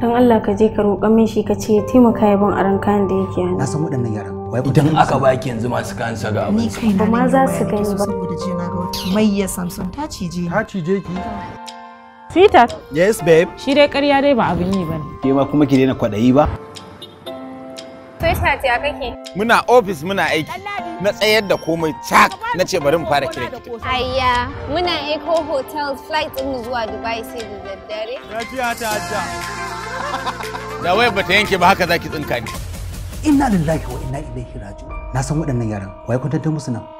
don Allah ka je ka roƙa min shi ka ce ya taimaka ya ban aran kayan da yake hannu na san waɗannan yaran idan aka baki yanzu masu kansa ga abin Ni kai ma za su gani ba saboda je na ga wata mayya samson ta cije ta cije ki sweetheart yes babe shi dai ƙarya dai ba abin yi bane ke ma kuma ki daina kwaɗayi ba sweetheart ya kake muna office muna aiki na tsayar da komai cak na ce bari mu fara kiran ki ayya muna eco hotel flight din zuwa dubai sai da daddare ji ta hajja da wayar bata yanke ba haka zaki tsinka ni inna lillahi wa inna ilaihi raji'un na san waɗannan yaran waye kun tantan musu nan